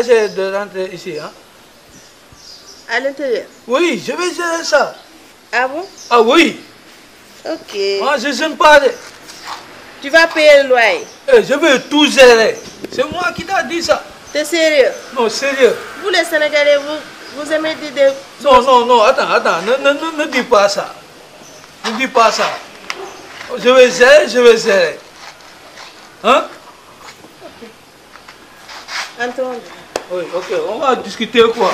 Eh, va essayer de rentrer ici, hein? À l'intérieur? Oui, je vais essayer ça. Ah bon? Ah je gêne pas. Tu vas payer le loyer. Eh, je vais tout gérer. C'est moi qui t'a dit ça. T'es sérieux? Non, sérieux. Vous les vous, vous aimez dire Non, non, non, attends, attends, ne, ne, ne, ne dis pas ça. Ne Je vais gérer, je vais gérer. Hein? Ok. Oui, ok, on va discuter quoi.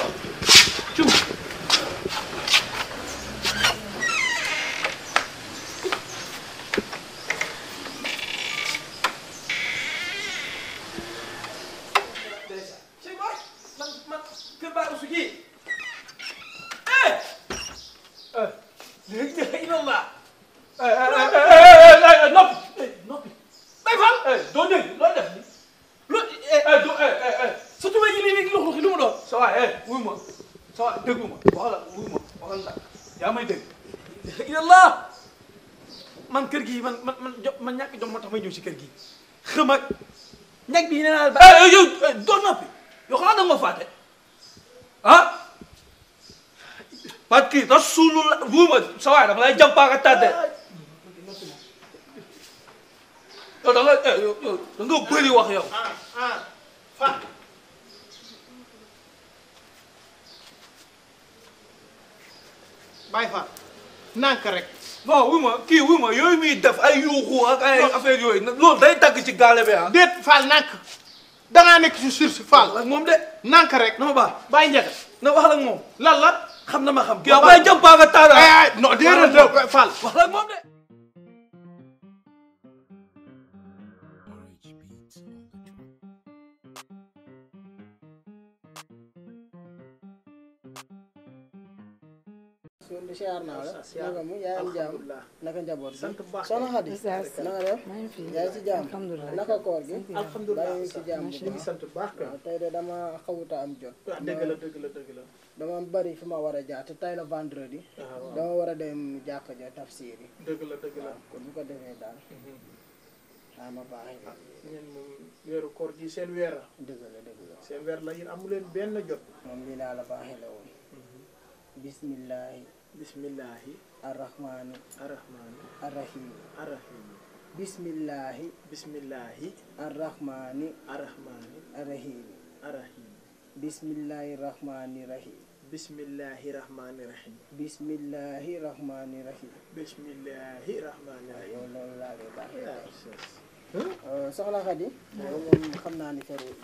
lii léegi loxo lu mu doon sa waay eh wuy ma sa waay déglu ma wax la wuy ma waxal la yaa may dégg yàlla man kër gi man man man jo man ñàkk jom moo tax may ñëw si kër gi xam ak ñàkk bi nee naa ba eh, eh, yow eh, doon noppi yow xanaa da nga ma fàtte ah parce que rasulullah wuy ma sa waay dama lay jàmpaaka tàdde yow da nga yow da nga bëri wax yow ah, ah, bàyyi fa nànk rek. waaw wuy ma kii ma yooyu muy def ay yuuxu ak ay affaire yooyu day tagg ci gaale bi ah. déet Fall nànk dangaa nekk ci sursi Fall. moom de nànk rek. na ma baax bàyyi njëkk na wax la moom. lan la xam na ma xam. kii waaw waaye jëm baa nga taal. non déedéet Fall wax la moom de. sëñ bi siyaar naa la naka mu yaay am jàmm naka njaboot bi soxna Xadi na nga def yaay ci jàmm naka koor gi alhamdulilah bàyyi ci jàmm ñu ngi sant bu baax tey de dama xawuta am jot ah, dëgg la dëgg la dëgg la dama bari fi ma war a jaar te tey la vendredi ah, dama war a dem jàkka ja tafsir yi dëgg la dëgg la ko bu ko defee daal waaw mhm. ma baax na. Ah, ñun moom weeru la. dëgg amu leen benn jot. moom lii laa la baaxee la woon. bismillahi bismillahi arrahmanu arrahmanu arrahim arrahim bismillahi bismillahi arrahmani arrahmani arrahim arrahim bismillahi rahmani rahim bismillahi rahmani rahim bismillahi rahmani rahim bismillahi rahmani rahim loolu laa lay baax ah, euh, soxna Khady ah. moom xam naa ni ferwu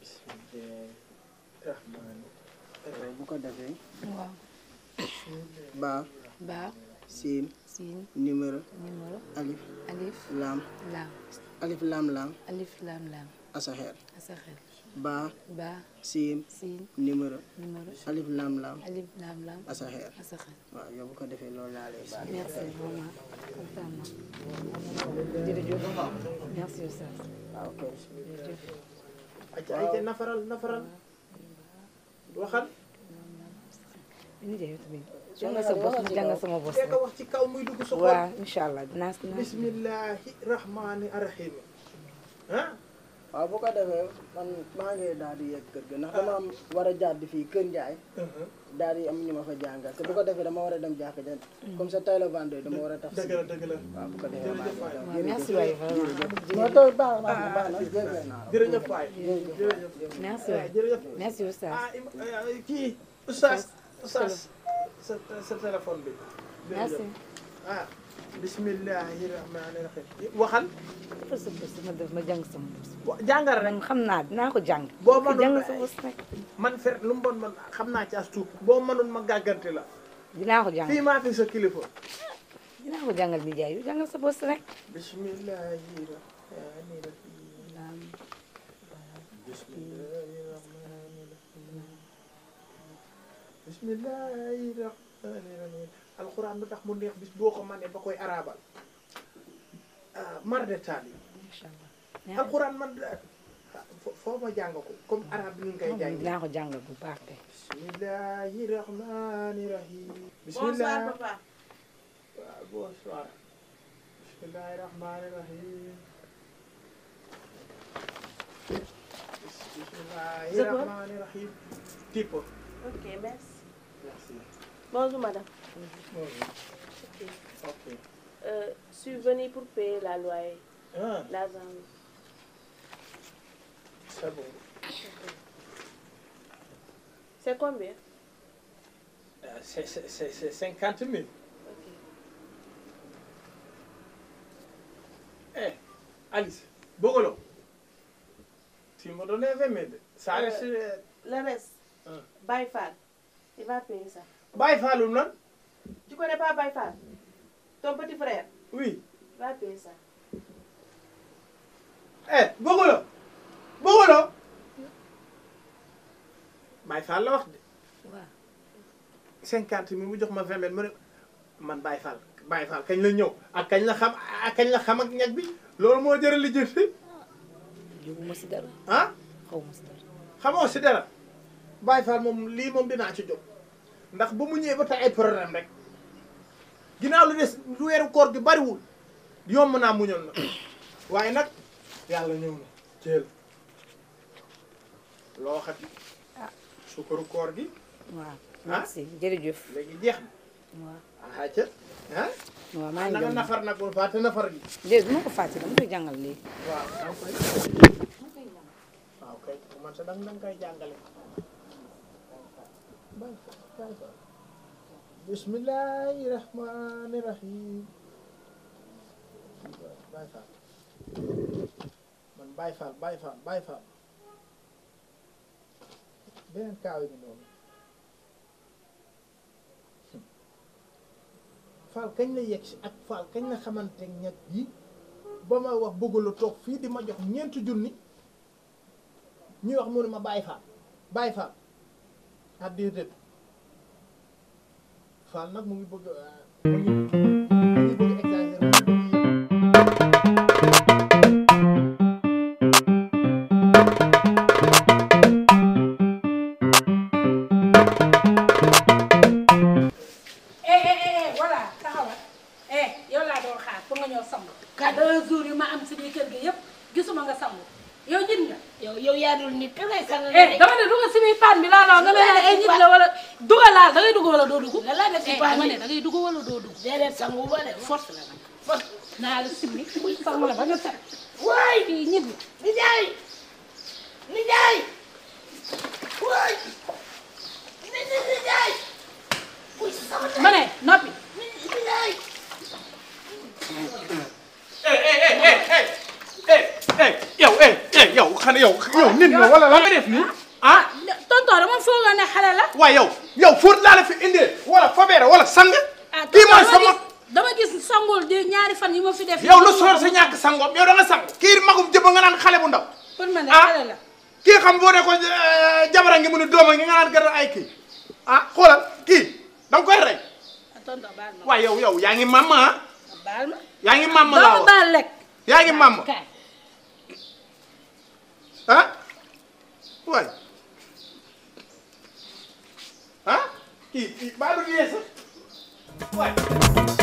bismillahi rahmani Euh, bu ko defee. waaw. baa. baa. siin. numéro. numéro alif. alif laam. laam. alif laam laam. asaxeer. asaxeer. baa. baa. siin. numéro. alif laam laam. asaxeer. asaxeer waaw yow bu ko defee loolu laa lay merci vraiment kontaan merci. waaw ah, kay. nafaral nafaral. waxal. jàngal sa bopp jàngal sama bopp rek. wax ci kaw muy dugg sa xol. waaw incha allah dinaa dinaa. bismillahi rahmaani rahim ah. waaw bu ko defee man maa ngi daal di yegg kër gi ndax dama am war a jaar fii kër Ndiaye. Uh-huh. daal di am ñu ma fa jàngal te bu ko defee dama war a dem jàkka ja comme ça tey la dama war a taf si. dëgg la ko defee maa ngi merci waay moo tax baax na baax na jërëjëf naa jërëjëf waay jërëjëf kii oustaz sa sa bi merci ah bismillahi rahmaani rahim waxal. fës fës ma def ma jàng xam naa dinaa ko jàng. boo mënoon mu xam naa ci as tuut. ma gàggante la. dinaa ko jàngal fii maa fi sa kilifa. dinaa ko jàngal bi jaay yu jàngal sa bës alxuraan lu tax mu neex bis boo ko manee ba koy araabal ah, mar de taal yi. macha allah alxuraan man foo ma jàng ko comme arabe bi ñu koy jàng. ko jàng bu baax bismillahi rahmani rahim. bismillahi rahmani rahim. bismillahi Bonjour madame. Bonjour. Okay. Okay. Euh, je suis venue pour payer la loyer. Ah. La jambe. C'est bon. C'est combien? Euh, c'est, c'est, c'est 50 eh, Alice, Bogolo, tu m'as donné 20 000. Ça euh, reste... Euh, le reste, ah. By far, Baye Falloum na tu connais pas Baye Fall. ton petit frère. oui. va payer ça. eh bëgguloo la wax de. cinquante mu jox ma vingt mille mu ne man Baye Fall baay Fall kañ la ñëw ak kañ la xam ak kañ la xam ak ñag bi loolu moo jëral li jëf si. jóguma si dara. ah. xamoo si dara Baye Fall moom lii moom dinaa ci jóg. ndax ba mu ñëwee ba tey ay problème rek ginnaaw lu des lu weeru koor gi bariwul yomb naa muñal na waaye nag yàlla ñëw na jël loo waxati ah sukaru koor gi waaw ah. merci jërëjëf léegi jeex na waaw aca ah na ah. ah, nga nafar nag bul fàtte nafar gi ko fàtte dama koy jàngal léegi waaw danga koy waaw kay man sa danga danga jàngale bismillaahi rahmaani rahiim Baay Faal man Baay Faal Baay Faal Baay Faal beneen kaawe bi noonu Faal kañ la yegg ak Faal kañ la xamante ñett yi ba ma wax bëgg la toog fii di ma jox ñeenti junni ñuy wax mu ne ma Baay Faal Baay Faal ah déedéet Fall nag mu ngi bëgg euh, mu ngi bëgg exagéré eh, eh, eh, sangu ka deux jours yi ma am si biir kër gi yëpp gisuma nga sangu yow jin nga yow yow yaa dul nit ka ngay sànq. Eh, dama ne dugal si biir paan bi laa la nga lay ay eh, la wala dugal laal da ngay dugg wala doo dugg. a laa def si eh, dugg wala doo dugg. déedéet sangu ba de force la nag force naa la simbi sangu la ba nga yow nit la wala lan nga def nii ah. tonton dama foogoon ne xale la. waaw yow yow fóot laa fi indee wala fabeere wala sang. Ah, kii mooy sama dama gis sangul di ñaari fan yi ma fi def. yow lu soor sa ñàkk sangoom yow da nga sang. kii magum jëba nga naan xale bu ndaw. pour man de ah, xale la kii ko eh, jabara ngi mu ne ngi nga naan gërëm ay kii ah xoolal kii da ko koy rey. Ah, tonton yow yow yaa ngi mama ma yaa ngi mama laa wax doomu baal lekk. yaa ngi mama ah waay ah kii kii baalu lii sax waay